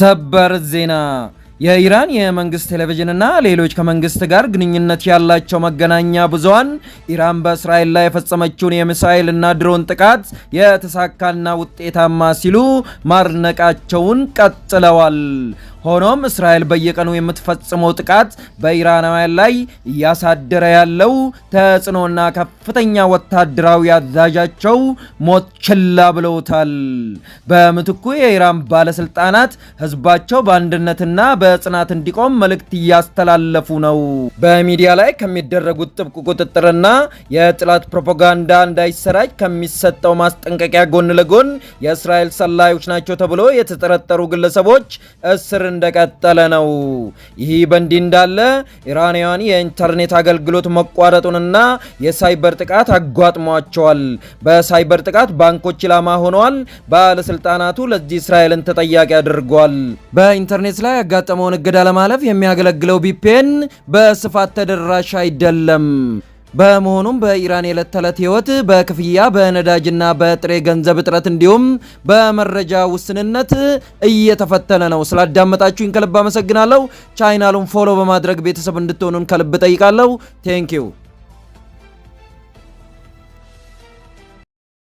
ሰበር ዜና የኢራን የመንግስት ቴሌቪዥንና ሌሎች ከመንግስት ጋር ግንኙነት ያላቸው መገናኛ ብዙኃን ኢራን በእስራኤል ላይ የፈጸመችውን የሚሳይል ና ድሮን ጥቃት የተሳካና ውጤታማ ሲሉ ማድነቃቸውን ቀጥለዋል። ሆኖም እስራኤል በየቀኑ የምትፈጽመው ጥቃት በኢራናውያን ላይ እያሳደረ ያለው ተጽዕኖና ከፍተኛ ወታደራዊ አዛዣቸው ሞት ችላ ብለውታል። በምትኩ የኢራን ባለስልጣናት ህዝባቸው በአንድነትና በጽናት እንዲቆም መልእክት እያስተላለፉ ነው። በሚዲያ ላይ ከሚደረጉት ጥብቅ ቁጥጥርና የጥላት ፕሮፓጋንዳ እንዳይሰራጭ ከሚሰጠው ማስጠንቀቂያ ጎን ለጎን የእስራኤል ሰላዮች ናቸው ተብሎ የተጠረጠሩ ግለሰቦች እስር እንደቀጠለ ነው። ይህ በእንዲህ እንዳለ ኢራንያን የኢንተርኔት አገልግሎት መቋረጡንና የሳይበር ጥቃት አጓጥሟቸዋል። በሳይበር ጥቃት ባንኮች ኢላማ ሆነዋል። ባለስልጣናቱ ለዚህ እስራኤልን ተጠያቂ አድርጓል። በኢንተርኔት ላይ ያጋጠመውን እገዳ ለማለፍ የሚያገለግለው ቪፒኤን በስፋት ተደራሽ አይደለም። በመሆኑም በኢራን የዕለት ተዕለት ህይወት በክፍያ በነዳጅና በጥሬ ገንዘብ እጥረት እንዲሁም በመረጃ ውስንነት እየተፈተነ ነው። ስላዳመጣችሁኝ ከልብ አመሰግናለሁ። ቻይናሉን ፎሎ በማድረግ ቤተሰብ እንድትሆኑን ከልብ ጠይቃለሁ። ቴንኪዩ